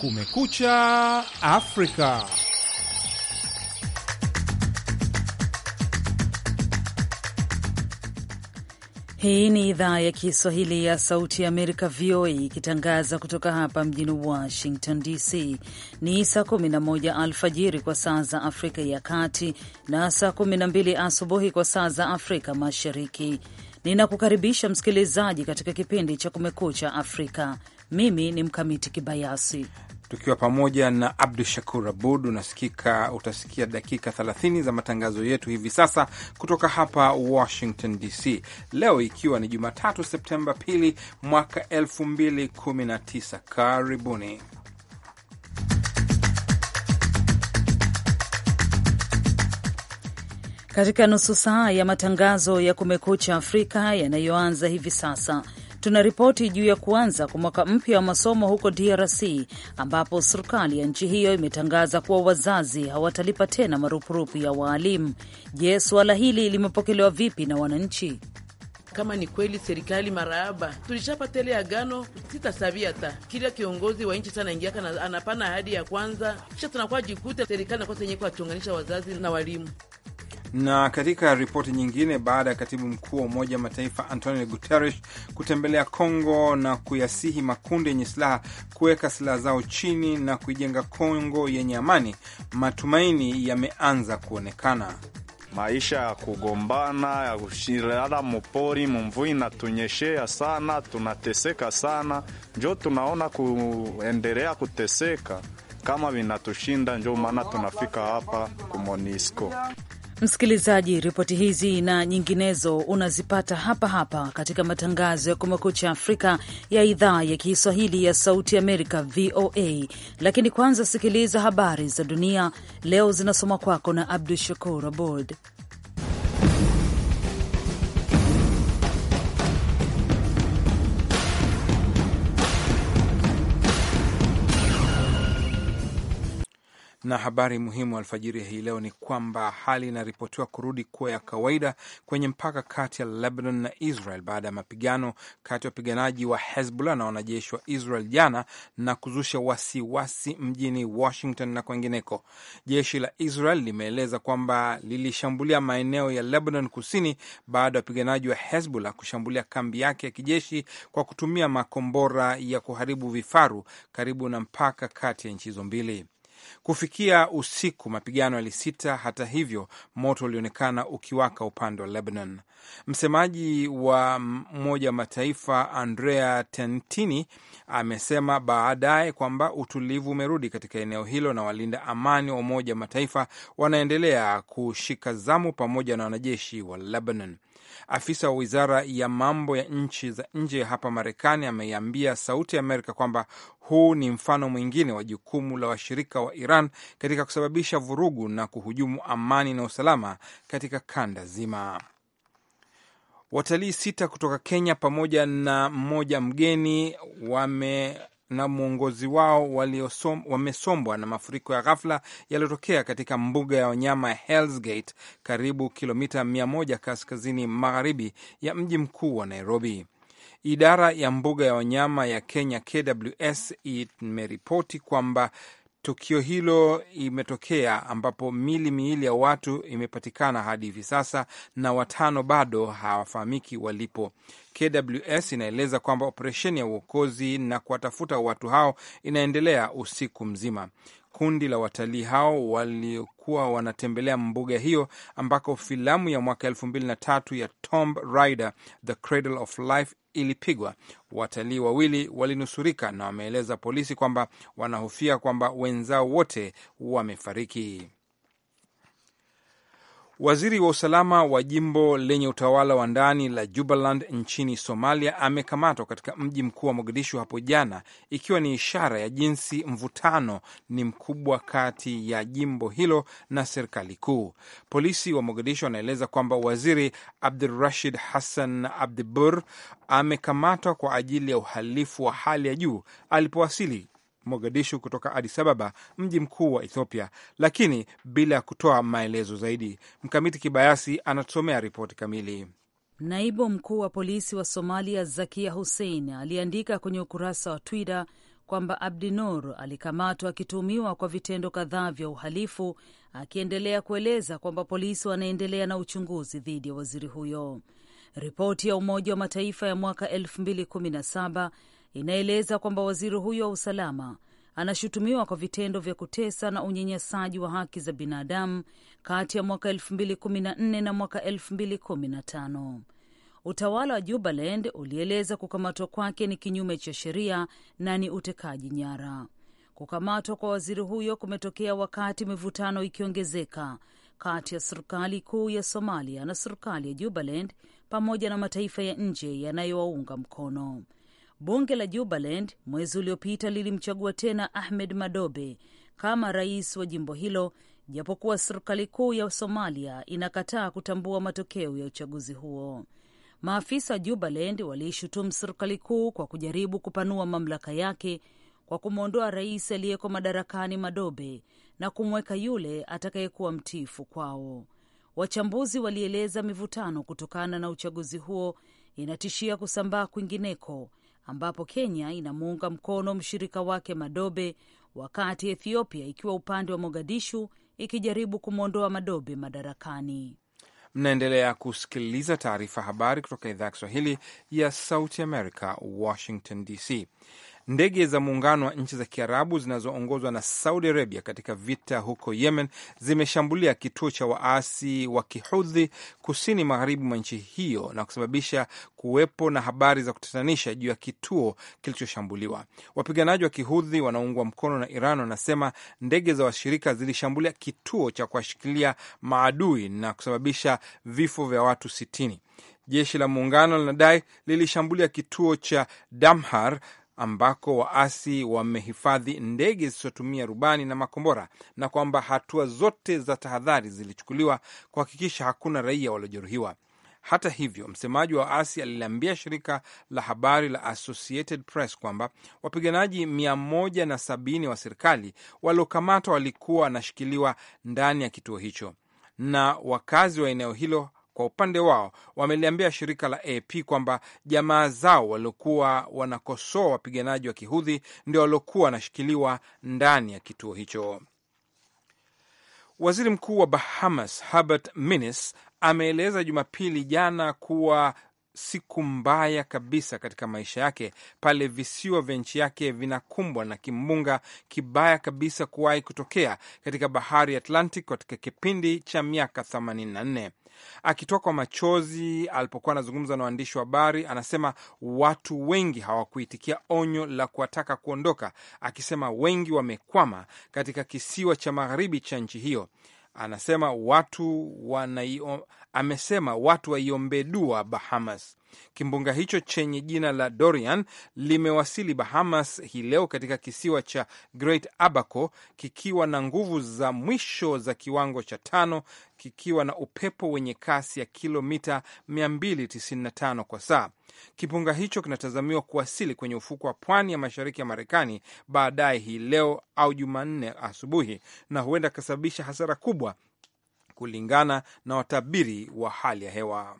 Kumekucha Afrika. Hii ni idhaa ya Kiswahili ya Sauti ya Amerika, VOA, ikitangaza kutoka hapa mjini Washington DC. Ni saa 11 alfajiri kwa saa za Afrika ya Kati na saa 12 asubuhi kwa saa za Afrika Mashariki. Ninakukaribisha msikilizaji katika kipindi cha Kumekucha Afrika. Mimi ni Mkamiti Kibayasi, tukiwa pamoja na Abdu Shakur Abud. Unasikika, utasikia dakika 30 za matangazo yetu hivi sasa kutoka hapa Washington DC, leo ikiwa ni Jumatatu Septemba 2 mwaka 2019. Karibuni. Katika nusu saa ya matangazo ya Kumekucha Afrika yanayoanza hivi sasa tuna ripoti juu ya kuanza kwa mwaka mpya wa masomo huko DRC ambapo serikali ya nchi hiyo imetangaza kuwa wazazi hawatalipa tena marupurupu ya waalimu. Je, suala hili limepokelewa vipi na wananchi? Kama ni kweli serikali marahaba, tulishapata ile agano, sitasabia hata kila kiongozi wa nchi sana ingiaka na anapana ahadi ya kwanza, kisha tunakuwa jikuta serikali nakosa yenye kuwatunganisha wazazi na walimu. Na katika ripoti nyingine, baada ya katibu mkuu wa Umoja wa Mataifa Antonio Guterres kutembelea Kongo na kuyasihi makundi yenye silaha kuweka silaha zao chini na kuijenga Kongo yenye amani, matumaini yameanza kuonekana. Maisha ya kugombana ya kushirana mupori mumvui inatunyeshea sana, tunateseka sana, njo tunaona kuendelea kuteseka kama vinatushinda, njo maana tunafika hapa kuMonisco. Msikilizaji, ripoti hizi na nyinginezo unazipata hapa hapa katika matangazo ya Kumekucha Afrika ya idhaa ya Kiswahili ya Sauti Amerika, VOA. Lakini kwanza sikiliza habari za dunia leo, zinasoma kwako na Abdu Shakur Abord. Na habari muhimu alfajiri hii leo ni kwamba hali inaripotiwa kurudi kuwa ya kawaida kwenye mpaka kati ya Lebanon na Israel baada ya mapigano kati ya wapiganaji wa Hezbollah na wanajeshi wa Israel jana na kuzusha wasiwasi wasi mjini Washington na kwengineko. Jeshi la Israel limeeleza kwamba lilishambulia maeneo ya Lebanon kusini baada ya wapiganaji wa Hezbollah kushambulia kambi yake ya kijeshi kwa kutumia makombora ya kuharibu vifaru karibu na mpaka kati ya nchi hizo mbili. Kufikia usiku, mapigano yalisita. Hata hivyo, moto ulionekana ukiwaka upande wa Lebanon. Msemaji wa Umoja wa Mataifa Andrea Tentini amesema baadaye kwamba utulivu umerudi katika eneo hilo na walinda amani wa Umoja wa Mataifa wanaendelea kushika zamu pamoja na wanajeshi wa Lebanon. Afisa wa wizara ya mambo ya nchi za nje hapa Marekani ameiambia Sauti ya Amerika kwamba huu ni mfano mwingine wa jukumu la washirika wa Iran katika kusababisha vurugu na kuhujumu amani na usalama katika kanda zima. Watalii sita kutoka Kenya pamoja na mmoja mgeni wame na mwongozi wao wamesombwa na mafuriko ya ghafla yaliyotokea katika mbuga ya wanyama ya Hell's Gate karibu kilomita 100 kaskazini magharibi ya mji mkuu wa Nairobi. Idara ya mbuga ya wanyama ya Kenya KWS imeripoti kwamba tukio hilo imetokea ambapo mili miili ya watu imepatikana hadi hivi sasa na watano bado hawafahamiki walipo. KWS inaeleza kwamba operesheni ya uokozi na kuwatafuta watu hao inaendelea usiku mzima. Kundi la watalii hao waliokuwa wanatembelea mbuga hiyo ambako filamu ya mwaka elfu mbili na tatu ya Tomb Raider The Cradle of Life ilipigwa. Watalii wawili walinusurika na wameeleza polisi kwamba wanahofia kwamba wenzao wote wamefariki. Waziri wa usalama wa jimbo lenye utawala wa ndani la Jubaland nchini Somalia amekamatwa katika mji mkuu wa Mogadishu hapo jana, ikiwa ni ishara ya jinsi mvutano ni mkubwa kati ya jimbo hilo na serikali kuu. Polisi wa Mogadishu wanaeleza kwamba waziri Abdurashid Hassan Abdibur amekamatwa kwa ajili ya uhalifu wa hali ya juu alipowasili Mogadishu kutoka Addis Ababa, mji mkuu wa Ethiopia, lakini bila ya kutoa maelezo zaidi. Mkamiti Kibayasi anatusomea ripoti kamili. Naibu mkuu wa polisi wa Somalia Zakia Hussein aliandika kwenye ukurasa wa Twitter kwamba abdi nur alikamatwa akituhumiwa kwa vitendo kadhaa vya uhalifu, akiendelea kueleza kwamba polisi wanaendelea na uchunguzi dhidi ya waziri huyo. Ripoti ya Umoja wa Mataifa ya mwaka 2017 inaeleza kwamba waziri huyo wa usalama anashutumiwa kwa vitendo vya kutesa na unyanyasaji wa haki za binadamu kati ya mwaka 2014 na mwaka 2015. Utawala wa Jubaland ulieleza kukamatwa kwake ni kinyume cha sheria na ni utekaji nyara. Kukamatwa kwa waziri huyo kumetokea wakati mivutano ikiongezeka kati ya serikali kuu ya Somalia na serikali ya Jubaland pamoja na mataifa ya nje yanayowaunga mkono. Bunge la Jubaland mwezi uliopita lilimchagua tena Ahmed Madobe kama rais wa jimbo hilo, japokuwa serikali kuu ya Somalia inakataa kutambua matokeo ya uchaguzi huo. Maafisa wa Jubaland waliishutumu serikali kuu kwa kujaribu kupanua mamlaka yake kwa kumwondoa rais aliyeko madarakani Madobe na kumweka yule atakayekuwa mtiifu kwao. Wachambuzi walieleza mivutano kutokana na uchaguzi huo inatishia kusambaa kwingineko ambapo Kenya inamuunga mkono mshirika wake Madobe, wakati Ethiopia ikiwa upande wa Mogadishu ikijaribu kumwondoa Madobe madarakani. Mnaendelea kusikiliza taarifa habari kutoka idhaa ya Kiswahili ya Sauti america Washington DC. Ndege za muungano wa nchi za Kiarabu zinazoongozwa na Saudi Arabia katika vita huko Yemen zimeshambulia kituo cha waasi wa Kihudhi kusini magharibi mwa nchi hiyo na kusababisha kuwepo na habari za kutatanisha juu ya kituo kilichoshambuliwa. Wapiganaji wa Kihudhi wanaoungwa mkono na Iran wanasema ndege za washirika zilishambulia kituo cha kuwashikilia maadui na kusababisha vifo vya watu sitini. Jeshi la muungano linadai lilishambulia kituo cha Damhar ambako waasi wamehifadhi ndege zisizotumia rubani na makombora na kwamba hatua zote za tahadhari zilichukuliwa kuhakikisha hakuna raia waliojeruhiwa. Hata hivyo, msemaji wa waasi aliliambia shirika la habari la Associated Press kwamba wapiganaji 170 wa serikali waliokamatwa walikuwa wanashikiliwa ndani ya kituo hicho na wakazi wa eneo hilo kwa upande wao wameliambia shirika la AP kwamba jamaa zao waliokuwa wanakosoa wapiganaji wa kihudhi ndio waliokuwa wanashikiliwa ndani ya kituo hicho. Waziri Mkuu wa Bahamas habert Minnis ameeleza Jumapili jana kuwa siku mbaya kabisa katika maisha yake pale visiwa vya nchi yake vinakumbwa na kimbunga kibaya kabisa kuwahi kutokea katika bahari ya Atlantic katika kipindi cha miaka 84 akitoa kwa machozi alipokuwa anazungumza na waandishi wa habari. Anasema watu wengi hawakuitikia onyo la kuwataka kuondoka, akisema wengi wamekwama katika kisiwa cha magharibi cha nchi hiyo. Anasema watu wanaio, amesema watu waiombee dua Bahamas. Kimbunga hicho chenye jina la Dorian limewasili Bahamas hii leo katika kisiwa cha Great Abaco kikiwa na nguvu za mwisho za kiwango cha tano, kikiwa na upepo wenye kasi ya kilomita 295 kwa saa. Kimbunga hicho kinatazamiwa kuwasili kwenye ufuko wa pwani ya mashariki ya Marekani baadaye hii leo au Jumanne asubuhi na huenda kasababisha hasara kubwa kulingana na watabiri wa hali ya hewa.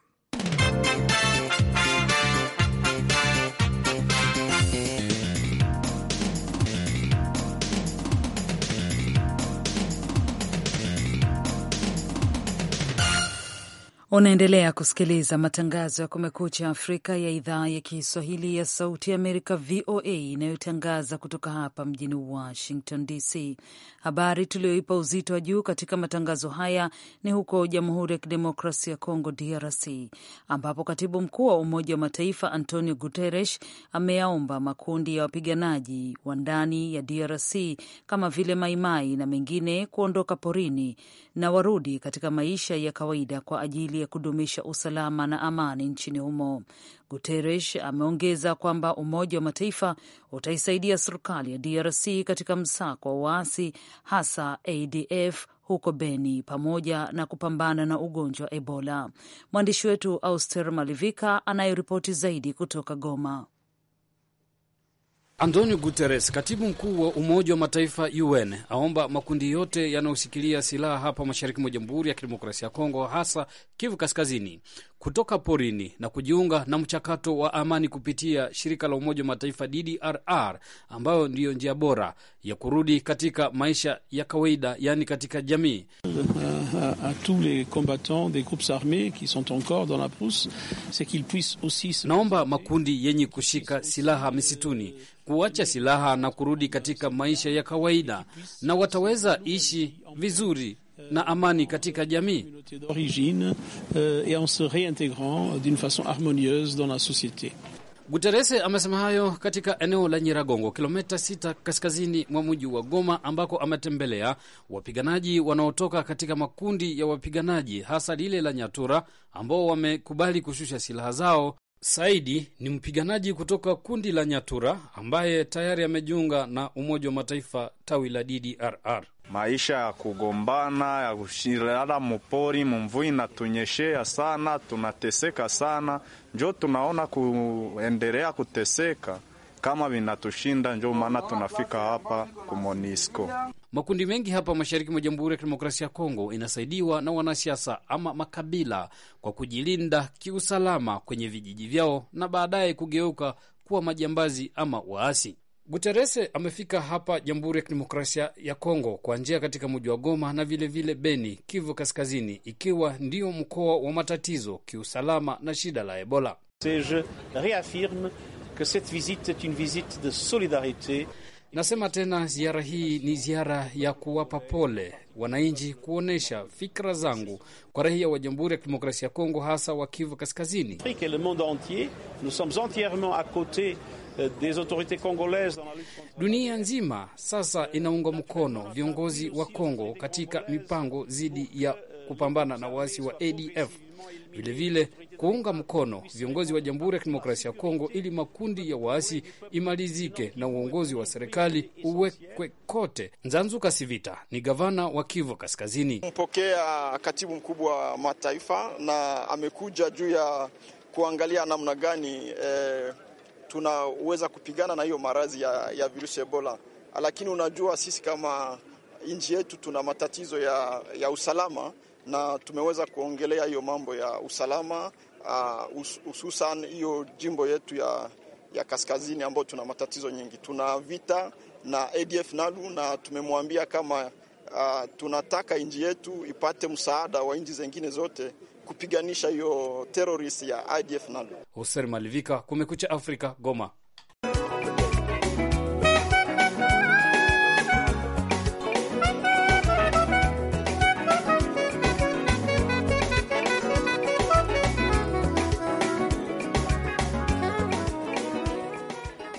Unaendelea kusikiliza matangazo ya Kumekucha Afrika ya idhaa ya Kiswahili ya Sauti Amerika, VOA, inayotangaza kutoka hapa mjini Washington DC. Habari tuliyoipa uzito wa juu katika matangazo haya ni huko Jamhuri ya Kidemokrasia ya Kongo, DRC, ambapo katibu mkuu wa Umoja wa Mataifa Antonio Guterres ameyaomba makundi ya wapiganaji wa ndani ya DRC kama vile Maimai na mengine kuondoka porini na warudi katika maisha ya kawaida kwa ajili ajili ya kudumisha usalama na amani nchini humo. Guterres ameongeza kwamba Umoja wa Mataifa utaisaidia serikali ya DRC katika msako wa waasi hasa ADF huko Beni pamoja na kupambana na ugonjwa wa Ebola. Mwandishi wetu Auster Malivika anayeripoti zaidi kutoka Goma. Antonio Guterres, katibu mkuu wa Umoja wa Mataifa UN, aomba makundi yote yanayoshikilia silaha hapa mashariki mwa Jamhuri ya Kidemokrasia ya Kongo, hasa Kivu Kaskazini, kutoka porini na kujiunga na mchakato wa amani kupitia shirika la Umoja wa Mataifa DDRR, ambayo ndiyo njia bora ya kurudi katika maisha ya kawaida, yaani katika jamii. Naomba makundi yenye kushika silaha misituni kuacha silaha na kurudi katika maisha ya kawaida, na wataweza ishi vizuri na amani katika jamii. Euh, guterese amesema hayo katika eneo la Nyiragongo, kilomita 6 kaskazini mwa mji wa Goma, ambako ametembelea wapiganaji wanaotoka katika makundi ya wapiganaji hasa lile la Nyatura ambao wamekubali kushusha silaha zao. Saidi ni mpiganaji kutoka kundi la Nyatura ambaye tayari amejiunga na Umoja wa Mataifa tawi la DDRR maisha ya kugombana ya kushirala mupori mumvui inatunyeshea sana, tunateseka sana, njo tunaona kuendelea kuteseka kama vinatushinda, njo maana tunafika hapa kuMonisco. Makundi mengi hapa mashariki mwa Jamhuri ya Kidemokrasia ya Kongo inasaidiwa na wanasiasa ama makabila kwa kujilinda kiusalama kwenye vijiji vyao na baadaye kugeuka kuwa majambazi ama waasi guterese amefika hapa Jamhuri ya Kidemokrasia ya Kongo kwa njia katika mji wa Goma na vilevile vile Beni, Kivu Kaskazini, ikiwa ndio mkoa wa matatizo kiusalama na shida la Ebola. Nasema tena ziara hii ni ziara ya kuwapa pole wananchi, kuonyesha fikra zangu kwa raia wa Jamhuri ya Kidemokrasia ya Kongo, hasa wa Kivu Kaskazini. Le monde entier nous sommes des autorités congolaises. Dunia nzima sasa inaunga mkono viongozi wa Kongo katika mipango dhidi ya kupambana na waasi wa ADF, vilevile kuunga mkono viongozi wa Jamhuri ya Kidemokrasia ya Kongo ili makundi ya waasi imalizike na uongozi wa serikali uwekwe kote. Nzanzu Kasivita ni gavana wa Kivu Kaskazini. Mpokea katibu mkubwa wa mataifa na amekuja juu ya kuangalia namna gani eh, tunaweza kupigana na hiyo maradhi ya, ya virusi Ebola, lakini unajua sisi kama nchi yetu tuna matatizo ya, ya usalama na tumeweza kuongelea hiyo mambo ya usalama ah, hususan uh, hiyo jimbo yetu ya, ya kaskazini ambayo tuna matatizo nyingi. Tuna vita na ADF NALU na tumemwambia kama uh, tunataka nchi yetu ipate msaada wa nchi zingine zote kupiganisha hiyo terrorist ya IDF nalo. Hussein Malivika, Kumekucha Afrika, Goma.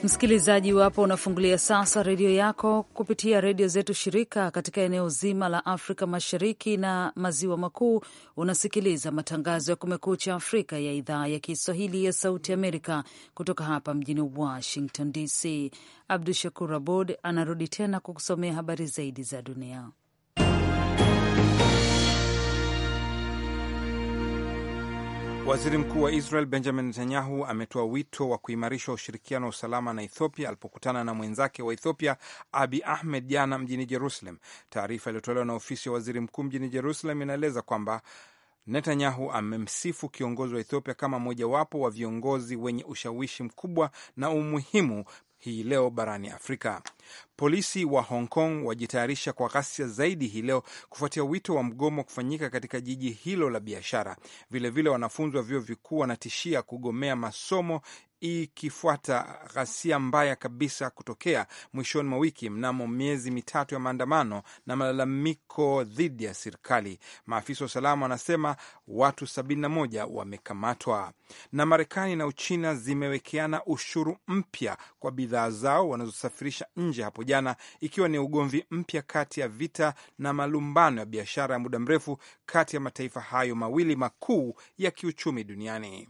Msikilizaji wapo unafungulia sasa redio yako kupitia redio zetu shirika katika eneo zima la Afrika Mashariki na Maziwa Makuu. Unasikiliza matangazo ya Kumekucha Afrika ya idhaa ya Kiswahili ya Sauti Amerika kutoka hapa mjini Washington DC. Abdu Shakur Abod anarudi tena kukusomea habari zaidi za dunia. Waziri Mkuu wa Israel Benjamin Netanyahu ametoa wito wa kuimarisha ushirikiano wa usalama na Ethiopia alipokutana na mwenzake wa Ethiopia Abi Ahmed jana mjini Jerusalem. Taarifa iliyotolewa na ofisi ya waziri mkuu mjini Jerusalem inaeleza kwamba Netanyahu amemsifu kiongozi wa Ethiopia kama mojawapo wa viongozi wenye ushawishi mkubwa na umuhimu hii leo barani Afrika. Polisi wa Hong Kong wajitayarisha kwa ghasia zaidi hii leo kufuatia wito wa mgomo kufanyika katika jiji hilo la biashara. Vilevile, wanafunzi wa vyuo vikuu wanatishia kugomea masomo ikifuata ghasia mbaya kabisa kutokea mwishoni mwa wiki mnamo miezi mitatu ya maandamano na malalamiko dhidi ya serikali. Maafisa wa usalama wanasema watu 71 wamekamatwa. Na Marekani na Uchina zimewekeana ushuru mpya kwa bidhaa zao wanazosafirisha nje hapo jana, ikiwa ni ugomvi mpya kati ya vita na malumbano ya biashara ya muda mrefu kati ya mataifa hayo mawili makuu ya kiuchumi duniani.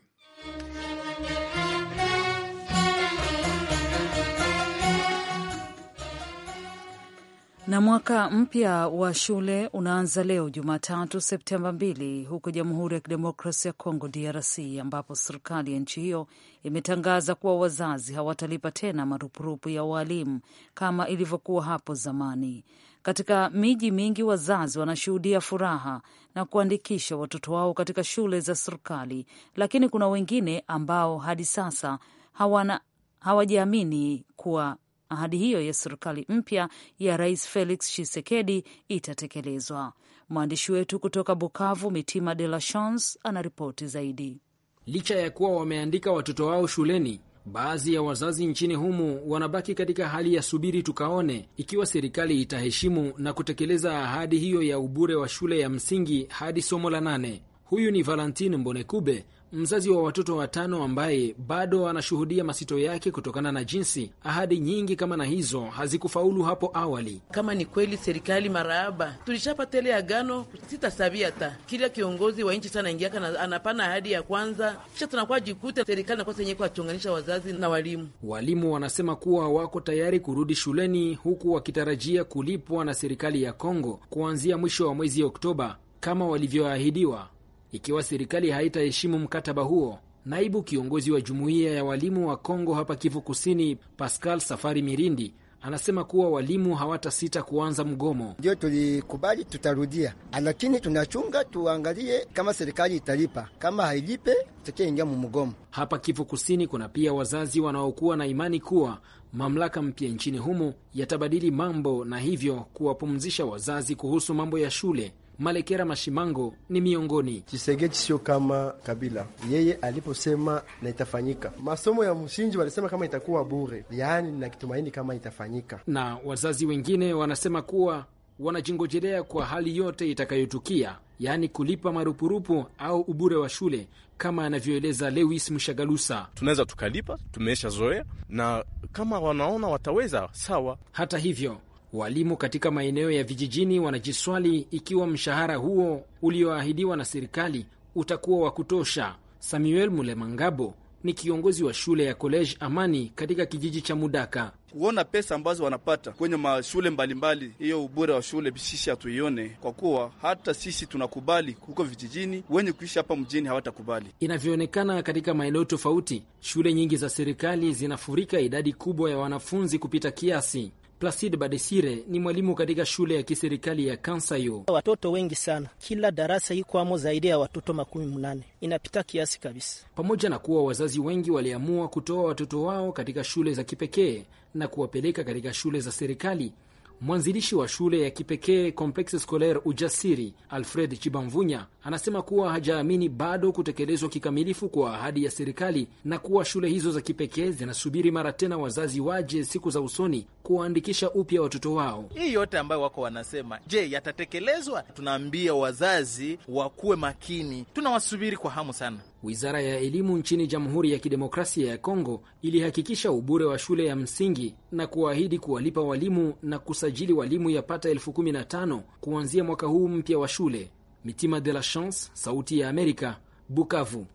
Na mwaka mpya wa shule unaanza leo Jumatatu, Septemba 2 huko Jamhuri ya Kidemokrasia ya Kongo, DRC, ambapo serikali ya nchi hiyo imetangaza kuwa wazazi hawatalipa tena marupurupu ya waalimu kama ilivyokuwa hapo zamani. Katika miji mingi, wazazi wanashuhudia furaha na kuandikisha watoto wao katika shule za serikali, lakini kuna wengine ambao hadi sasa hawana hawajaamini kuwa ahadi hiyo ya serikali mpya ya Rais Felix Tshisekedi itatekelezwa. Mwandishi wetu kutoka Bukavu, Mitima De La Chance, anaripoti zaidi. Licha ya kuwa wameandika watoto wao shuleni, baadhi ya wazazi nchini humo wanabaki katika hali ya subiri tukaone ikiwa serikali itaheshimu na kutekeleza ahadi hiyo ya ubure wa shule ya msingi hadi somo la nane. Huyu ni Valentine Mbonekube mzazi wa watoto watano ambaye bado anashuhudia masito yake kutokana na jinsi ahadi nyingi kama na hizo hazikufaulu hapo awali. Kama ni kweli serikali marahaba, tulishapata ile agano sitasabia ta kila kiongozi wa nchi sana ingiaka anapana ahadi ya kwanza, kisha tunakuwa jikute serikali nakosa yenyewe kuwachonganisha wazazi na walimu. Walimu wanasema kuwa wako tayari kurudi shuleni huku wakitarajia kulipwa na serikali ya Kongo kuanzia mwisho wa mwezi Oktoba kama walivyoahidiwa ikiwa serikali haitaheshimu mkataba huo. Naibu kiongozi wa jumuiya ya walimu wa Kongo hapa Kivu Kusini, Pascal Safari Mirindi, anasema kuwa walimu hawatasita kuanza mgomo. Ndio tulikubali, tutarudia, lakini tunachunga tuangalie kama serikali italipa. Kama hailipe, tutaingia mu mgomo. Hapa Kivu Kusini kuna pia wazazi wanaokuwa na imani kuwa mamlaka mpya nchini humo yatabadili mambo na hivyo kuwapumzisha wazazi kuhusu mambo ya shule. Malekera Mashimango ni miongoni. Chisege sio kama Kabila, yeye aliposema na itafanyika masomo ya msingi, walisema kama itakuwa bure, yaani na kitumaini kama itafanyika. Na wazazi wengine wanasema kuwa wanajingojelea kwa hali yote itakayotukia, yaani kulipa marupurupu au ubure wa shule, kama anavyoeleza Lewis Mshagalusa. Tunaweza tukalipa, tumeshazoea, na kama wanaona wataweza sawa. Hata hivyo Walimu katika maeneo ya vijijini wanajiswali ikiwa mshahara huo ulioahidiwa na serikali utakuwa wa kutosha. Samuel Mulemangabo ni kiongozi wa shule ya College Amani katika kijiji cha Mudaka. Kuona pesa ambazo wanapata kwenye mashule mbalimbali, hiyo ubora wa shule sisi hatuione, kwa kuwa hata sisi tunakubali huko vijijini, wenye kuishi hapa mjini hawatakubali. Inavyoonekana katika maeneo tofauti, shule nyingi za serikali zinafurika idadi kubwa ya wanafunzi kupita kiasi. Placide Badesire ni mwalimu katika shule ya kiserikali ya Kansayo. Watoto wengi sana, kila darasa ikwamo zaidi ya watoto makumi mnane, inapita kiasi kabisa. Pamoja na kuwa wazazi wengi waliamua kutoa watoto wao katika shule za kipekee na kuwapeleka katika shule za serikali Mwanzilishi wa shule ya kipekee Complexe Scolaire Ujasiri, Alfred Chibamvunya, anasema kuwa hajaamini bado kutekelezwa kikamilifu kwa ahadi ya serikali na kuwa shule hizo za kipekee zinasubiri mara tena wazazi waje siku za usoni kuwaandikisha upya watoto wao. Hii yote ambayo wako wanasema, je, yatatekelezwa? Tunaambia wazazi wakuwe makini, tunawasubiri kwa hamu sana. Wizara ya elimu nchini Jamhuri ya Kidemokrasia ya Kongo ilihakikisha ubure wa shule ya msingi na kuahidi kuwalipa walimu na kusajili walimu ya elfu kumi na tano kuanzia mwaka huu mpya wa shule. Mitima de la Chance, Sauti ya Amerika, Bukavu.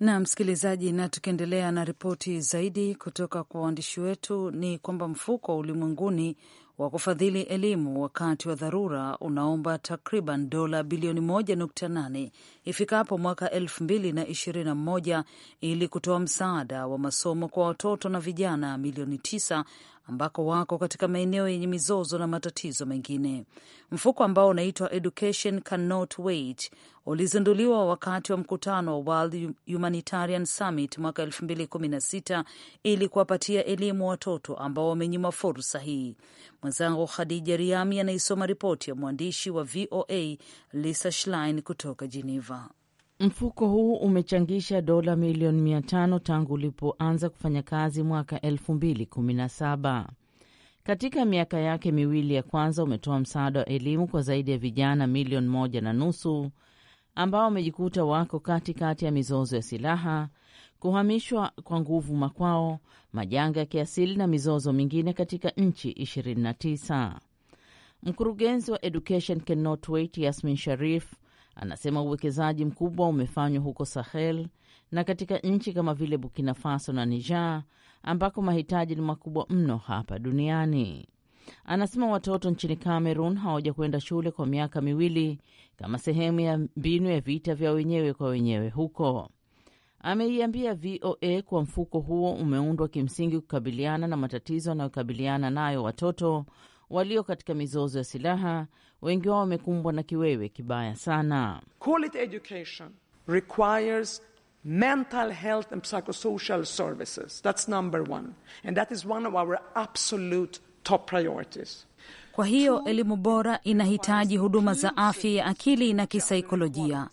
Na msikilizaji, na tukiendelea na ripoti zaidi kutoka kwa waandishi wetu, ni kwamba mfuko wa ulimwenguni wa kufadhili elimu wakati wa dharura unaomba takriban dola bilioni 1.8 ifikapo mwaka 2021 ili kutoa msaada wa masomo kwa watoto na vijana milioni 9 ambako wako katika maeneo yenye mizozo na matatizo mengine. Mfuko ambao unaitwa Education Cannot Wait ulizinduliwa wakati wa mkutano wa World Humanitarian Summit mwaka 2016 ili kuwapatia elimu watoto ambao wamenyuma fursa hii. Mwenzangu Khadija Riami anaisoma ripoti ya mwandishi wa VOA Lisa Schlein kutoka Geneva. Mfuko huu umechangisha dola milioni tano tangu ulipoanza kufanya kazi mwaka saba. Katika miaka yake miwili ya kwanza umetoa msaada wa elimu kwa zaidi ya vijana milioni moja na nusu ambao wamejikuta wako katikati kati ya mizozo ya silaha, kuhamishwa kwa nguvu makwao, majanga ya kiasili na mizozo mingine katika nchi 29. Mkurugenzi wa Education Cannot Wait Yasmin Sharif Anasema uwekezaji mkubwa umefanywa huko Sahel na katika nchi kama vile Burkina Faso na Niger ambako mahitaji ni makubwa mno hapa duniani. Anasema watoto nchini Cameroon hawaja kwenda shule kwa miaka miwili kama sehemu ya mbinu ya vita vya wenyewe kwa wenyewe huko. Ameiambia VOA kuwa mfuko huo umeundwa kimsingi kukabiliana na matatizo yanayokabiliana nayo watoto walio katika mizozo ya silaha, wengi wao wamekumbwa na kiwewe kibaya sana. Quality education requires mental health and psychosocial services. That's number one. And that is one of our absolute top priorities. Kwa hiyo elimu bora inahitaji huduma za afya ya akili na kisaikolojia.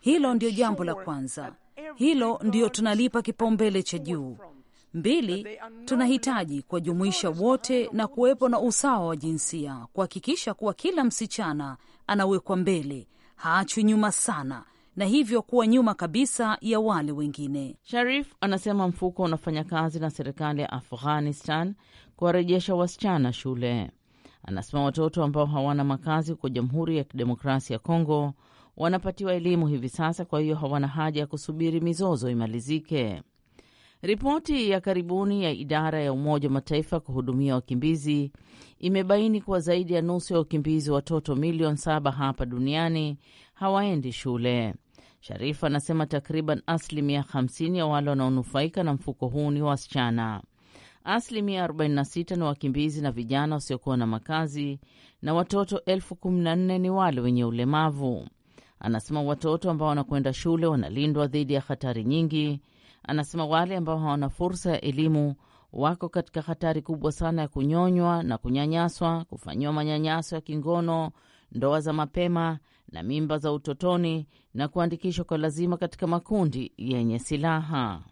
Hilo ndio jambo la kwanza, hilo ndio tunalipa kipaumbele cha juu. Mbili, tunahitaji kuwajumuisha wote na kuwepo na usawa wa jinsia, kuhakikisha kuwa kila msichana anawekwa mbele, haachwi nyuma sana na hivyo kuwa nyuma kabisa ya wale wengine. Sharif anasema mfuko unafanya kazi na serikali ya Afghanistan kuwarejesha wasichana shule. Anasema watoto ambao hawana makazi huko Jamhuri ya Kidemokrasia ya Kongo wanapatiwa elimu hivi sasa, kwa hiyo hawana haja ya kusubiri mizozo imalizike. Ripoti ya karibuni ya idara ya Umoja wa Mataifa kuhudumia wakimbizi imebaini kuwa zaidi ya nusu ya wakimbizi watoto milioni saba hapa duniani hawaendi shule. Sharifa anasema takriban asilimia 50 ya wale wanaonufaika na mfuko huu ni wasichana. Asilimia 46 ni wakimbizi na vijana wasiokuwa na makazi na watoto elfu kumi na nne ni wale wenye ulemavu. Anasema watoto ambao wanakwenda shule wanalindwa dhidi ya hatari nyingi Anasema wale ambao hawana fursa ya elimu wako katika hatari kubwa sana ya kunyonywa na kunyanyaswa, kufanyiwa manyanyaso ya kingono, ndoa za mapema na mimba za utotoni, na kuandikishwa kwa lazima katika makundi yenye silaha.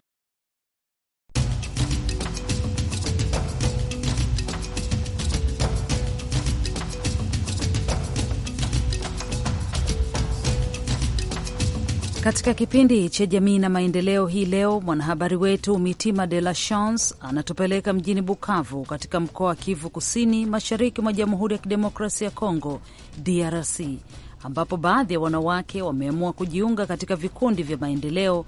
Katika kipindi cha jamii na maendeleo hii leo, mwanahabari wetu Mitima de la Chance anatupeleka mjini Bukavu katika mkoa wa Kivu Kusini, mashariki mwa Jamhuri ya Kidemokrasia ya Kongo, DRC, ambapo baadhi ya wanawake wameamua kujiunga katika vikundi vya maendeleo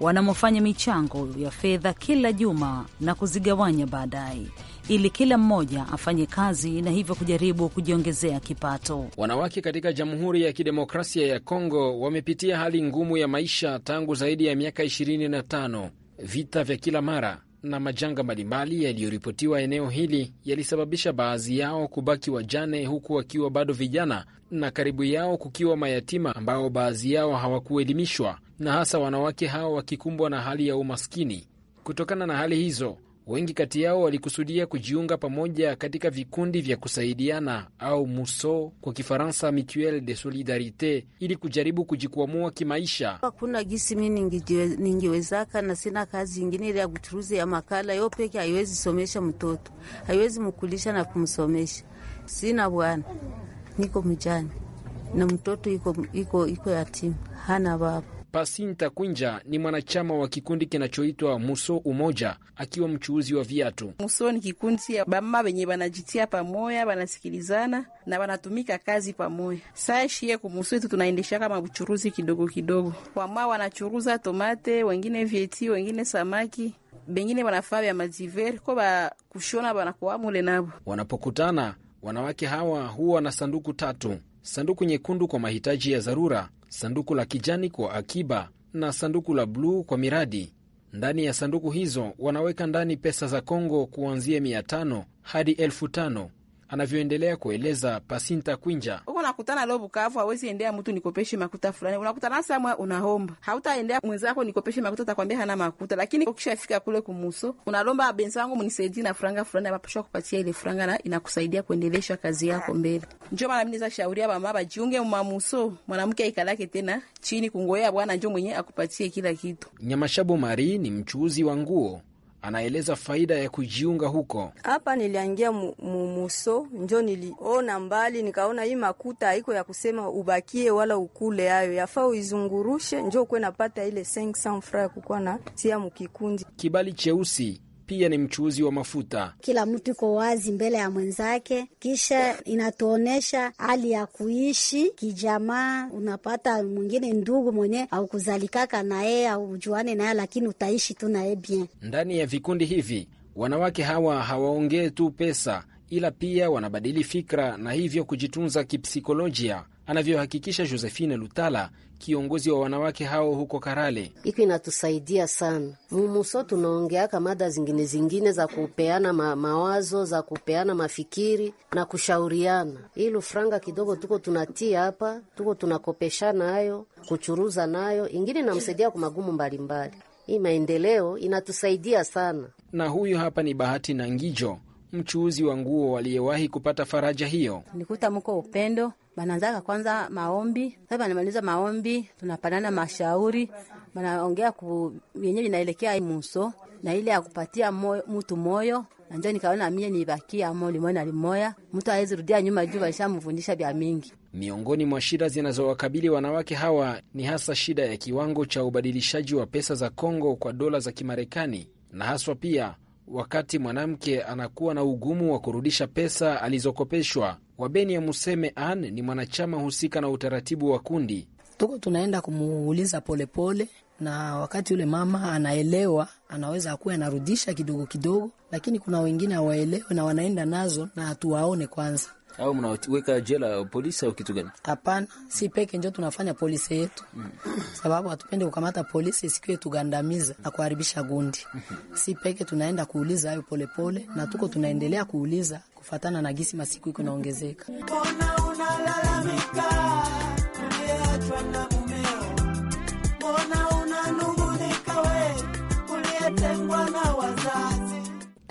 wanamofanya michango ya fedha kila juma na kuzigawanya baadaye ili kila mmoja afanye kazi na hivyo kujaribu kujiongezea kipato. Wanawake katika Jamhuri ya Kidemokrasia ya Kongo wamepitia hali ngumu ya maisha tangu zaidi ya miaka 25. Vita vya kila mara na majanga mbalimbali yaliyoripotiwa eneo hili yalisababisha baadhi yao kubaki wajane huku wakiwa bado vijana, na karibu yao kukiwa mayatima ambao baadhi yao hawakuelimishwa, na hasa wanawake hao wakikumbwa na hali ya umaskini. Kutokana na hali hizo Wengi kati yao walikusudia kujiunga pamoja katika vikundi vya kusaidiana au muso kwa Kifaransa, mituel de solidarite, ili kujaribu kujikwamua kimaisha. Hakuna gisi mi ningiwezaka na sina kazi ingine ile ya kuchuruzi ya makala yo peke haiwezi somesha mtoto, haiwezi mkulisha na kumsomesha. Sina bwana, niko mjani na mtoto iko yatima, hana baba Pasinta Kwinja ni mwanachama wa kikundi kinachoitwa Muso Umoja, akiwa mchuuzi wa viatu. Muso ni kikundi ya bamama benye banajitia pamoya, banasikilizana na wanatumika kazi pamoya. Saa shie kumuso etu tunaendesha kama buchuruzi kidogo kidogo, wama wanachuruza tomate, wengine vieti, wengine samaki bengine wanafaa vya maziver ko ba kushona banakuwa mule nabo. Wanapokutana wanawake hawa huwa na sanduku tatu, sanduku nyekundu kwa mahitaji ya dharura sanduku la kijani kwa akiba na sanduku la bluu kwa miradi. Ndani ya sanduku hizo wanaweka ndani pesa za Kongo kuanzia mia tano hadi elfu tano anavyoendelea kueleza Pasinta Kwinja. Uko nakutana leo Bukavu, awezi endea mtu nikopeshe makuta fulani, unakutana samwe, unahomba, hautaendea mwenzako nikopeshe makuta, utakwambia hana makuta. Lakini ukishafika kule kumuso, unalomba benzangu, mnisaidie na franga fulani, apashwa kupatia ile franga na inakusaidia kuendelesha kazi yako mbele. Njo maana mimi nashauria mama bajiunge mmamuso, mwanamke aikalake tena chini kungoea bwana, njo mwenye akupatie kila kitu. Nyamashabo Mari ni mchuuzi wa nguo anaeleza faida ya kujiunga huko. Hapa niliangia mumuso njo niliona mbali, nikaona hii makuta haiko ya kusema ubakie wala ukule, hayo yafaa uizungurushe njo ukwe napata ile 500 ya kukuwa na sia mukikundi kibali cheusi pia ni mchuuzi wa mafuta. Kila mtu iko wazi mbele ya mwenzake, kisha inatuonyesha hali ya kuishi kijamaa. Unapata mwingine ndugu mwenye aukuzalikaka naye au ujuane naye, lakini utaishi tu naye bien. Ndani ya vikundi hivi wanawake hawa hawaongee tu pesa, ila pia wanabadili fikra na hivyo kujitunza kipsikolojia anavyohakikisha Josephine Lutala, kiongozi wa wanawake hao huko Karale. Iko inatusaidia sana mumuso, tunaongeaka mada zingine zingine za kupeana ma mawazo za kupeana mafikiri na kushauriana. Hii lufranga kidogo tuko tunatia hapa, tuko tunakopesha nayo kuchuruza nayo, ingine inamsaidia kwa magumu mbalimbali. Hii maendeleo inatusaidia sana. Na huyu hapa ni Bahati na Ngijo mchuuzi wa nguo aliyewahi kupata faraja hiyo. Nikuta mko upendo, bananzaka kwanza maombi, sasa banamaliza maombi, tunapanana mashauri, banaongea ku yenye vinaelekea muso na ile akupatia moyo, mutu moyo anjo nikaona mie nibakia amo na limoya, mtu awezi rudia nyuma juu walishamfundisha vya mingi. Miongoni mwa shida zinazowakabili wanawake hawa ni hasa shida ya kiwango cha ubadilishaji wa pesa za Kongo kwa dola za Kimarekani na haswa pia wakati mwanamke anakuwa na ugumu wa kurudisha pesa alizokopeshwa. Wabenia Museme an ni mwanachama husika na utaratibu wa kundi. Tuko tunaenda kumuuliza polepole na wakati yule mama anaelewa, anaweza kuwa anarudisha kidogo kidogo, lakini kuna wengine hawaelewe na wanaenda nazo na hatuwaone kwanza au mnaweka jela polisi au kitu gani? Hapana, si peke njo tunafanya polisi yetu mm. sababu hatupende kukamata polisi isikiwe tugandamiza na kuharibisha gundi hmm. si peke tunaenda kuuliza hayo polepole, na tuko tunaendelea kuuliza kufatana na gisi masiku iko naongezeka.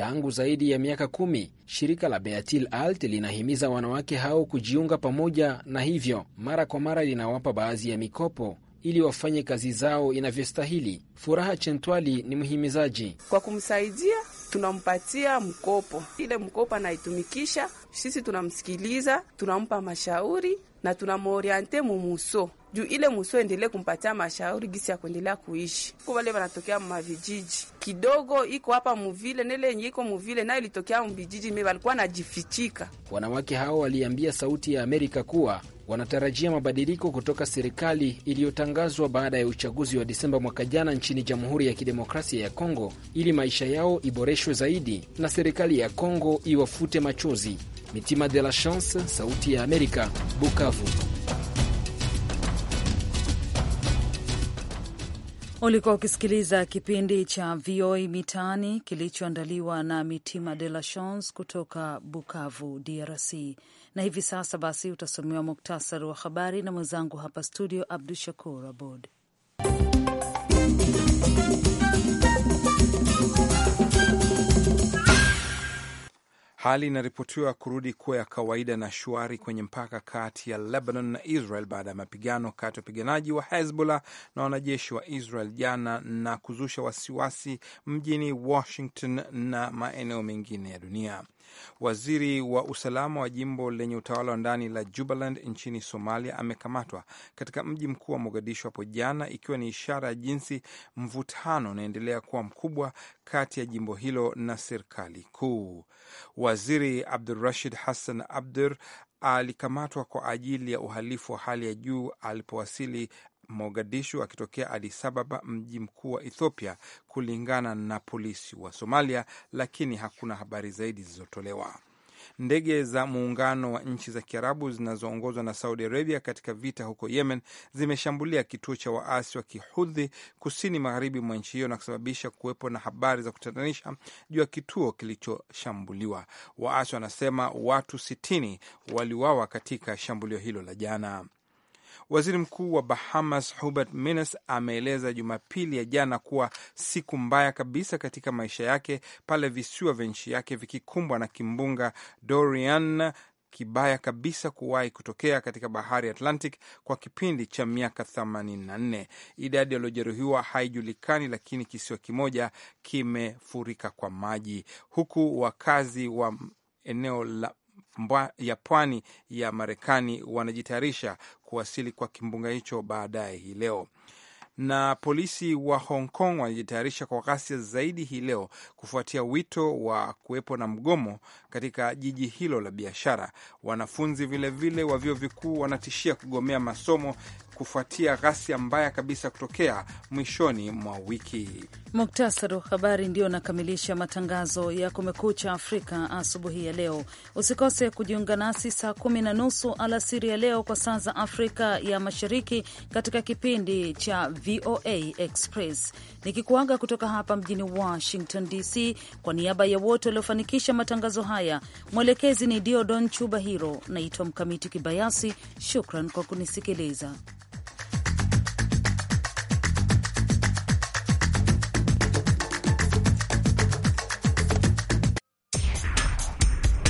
Tangu zaidi ya miaka kumi, shirika la Beatil Alt linahimiza wanawake hao kujiunga pamoja, na hivyo mara kwa mara linawapa baadhi ya mikopo ili wafanye kazi zao inavyostahili. Furaha Chentwali ni mhimizaji. Kwa kumsaidia, tunampatia mkopo. Ile mkopo anaitumikisha, sisi tunamsikiliza, tunampa mashauri na tunamoriente mumuso juu ile muso endele kumpatia mashauri gisi ya kuendelea kuishi. Huko wale wanatokea mavijiji kidogo, iko hapa muvile nele yenye iko muvile nayo ilitokea mvijiji, me walikuwa najifichika. Wanawake hao waliambia Sauti ya Amerika kuwa wanatarajia mabadiliko kutoka serikali iliyotangazwa baada ya uchaguzi wa Disemba mwaka jana nchini Jamhuri ya Kidemokrasia ya Kongo ili maisha yao iboreshwe zaidi na serikali ya Kongo iwafute machozi. Mitima de la Chance, Sauti ya Amerika, Bukavu. Ulikuwa ukisikiliza kipindi cha VOA Mitaani kilichoandaliwa na Mitima De La Chance kutoka Bukavu, DRC. Na hivi sasa basi utasomewa muktasari wa habari na mwenzangu hapa studio, Abdu Shakur Abod. Hali inaripotiwa kurudi kuwa ya kawaida na shwari kwenye mpaka kati ya Lebanon na Israel baada ya mapigano kati ya wapiganaji wa Hezbollah na wanajeshi wa Israel jana na kuzusha wasiwasi mjini Washington na maeneo mengine ya dunia. Waziri wa usalama wa jimbo lenye utawala wa ndani la Jubaland nchini Somalia amekamatwa katika mji mkuu wa Mogadishu hapo jana, ikiwa ni ishara ya jinsi mvutano unaendelea kuwa mkubwa kati ya jimbo hilo na serikali kuu. Waziri Abdurashid Hassan Abdur alikamatwa kwa ajili ya uhalifu wa hali ya juu alipowasili Mogadishu akitokea Addis Ababa, mji mkuu wa Ethiopia, kulingana na polisi wa Somalia, lakini hakuna habari zaidi zilizotolewa. Ndege za muungano wa nchi za Kiarabu zinazoongozwa na Saudi Arabia katika vita huko Yemen zimeshambulia kituo cha waasi wa Kihudhi kusini magharibi mwa nchi hiyo na kusababisha kuwepo na habari za kutatanisha juu ya kituo kilichoshambuliwa. Waasi wanasema watu sitini waliuawa katika shambulio hilo la jana. Waziri Mkuu wa Bahamas Hubert Minnis ameeleza Jumapili ya jana kuwa siku mbaya kabisa katika maisha yake pale visiwa vya nchi yake vikikumbwa na kimbunga Dorian kibaya kabisa kuwahi kutokea katika bahari Atlantic kwa kipindi cha miaka 84. Idadi yaliojeruhiwa haijulikani, lakini kisiwa kimoja kimefurika kwa maji, huku wakazi wa eneo la mbwa, ya pwani ya Marekani wanajitayarisha kuwasili kwa kimbunga hicho baadaye hii leo na polisi wa Hong Kong wanajitayarisha kwa ghasia zaidi hii leo kufuatia wito wa kuwepo na mgomo katika jiji hilo la biashara. Wanafunzi vilevile wa vyuo vikuu wanatishia kugomea masomo kufuatia ghasia mbaya kabisa kutokea mwishoni mwa wiki. Muktasari wa habari ndio unakamilisha matangazo ya Kumekucha Afrika asubuhi ya leo. Usikose kujiunga nasi saa kumi na nusu alasiri ya leo kwa saa za Afrika ya Mashariki katika kipindi cha VOA Express, nikikuaga kutoka hapa mjini Washington DC. Kwa niaba ya wote waliofanikisha matangazo haya, mwelekezi ni Diodon Chuba Hiro. Naitwa Mkamiti Kibayasi. Shukran kwa kunisikiliza.